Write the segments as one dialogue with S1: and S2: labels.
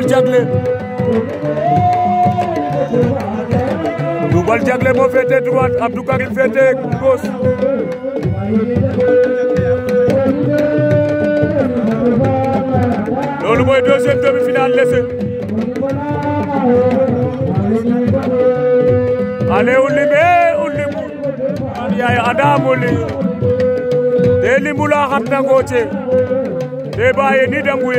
S1: Double Diaglé Double Diaglé moo féete droite Abdou Karim féete gauche loolu mooy deuxième demi-finale lese ale ulime ulimu an yaay adamu li te limu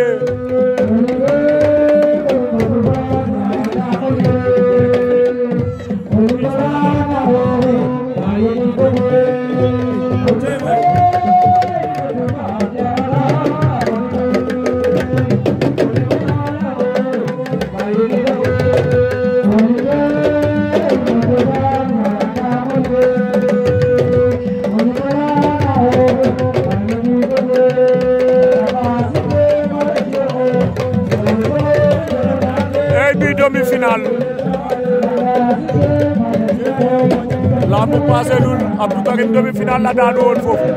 S1: demi Final. laa bu passé lul Abdou Karim demi-finale la daanu woon foofu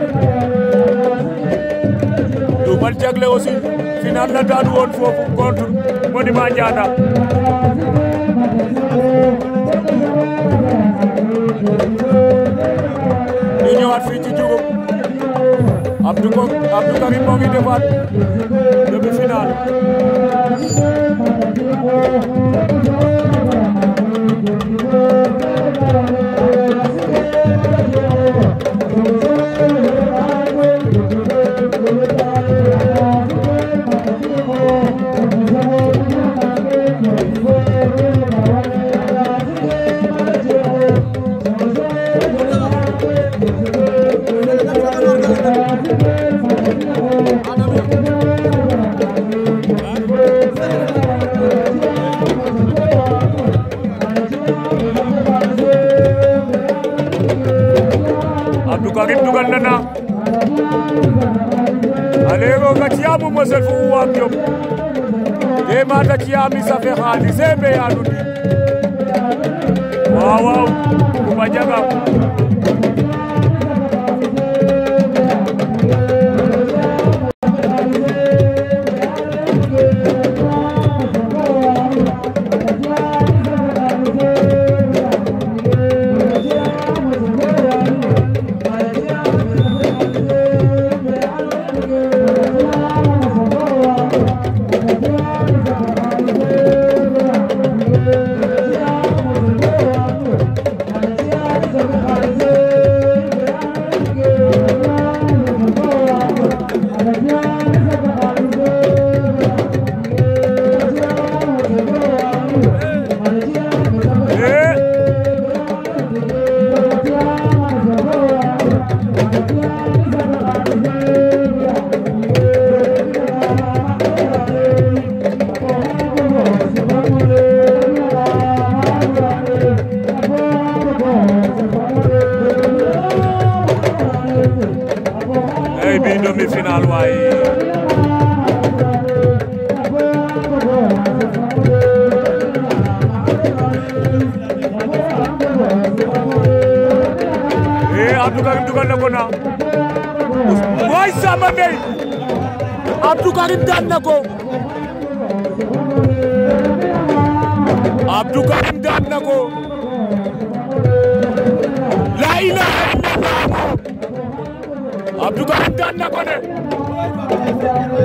S1: Double Diaglé aussi finale la daanu woon foofu contre Monument Ndianda ñu ñëwaat fii ci Diouroup Abdou ko Abdou Karim moo ngi defaat demi-finale gandana alero ga ciyamu mosel fo uwam jom te mata ciyami safe xaalise mbe anudi wawaw kuma jagam Abdou Karim dugal na ko na waay Samba Mbaye Abdou Karim daan na ko Abdou Karim daan na ko la ilaha illallah Abdou na ko de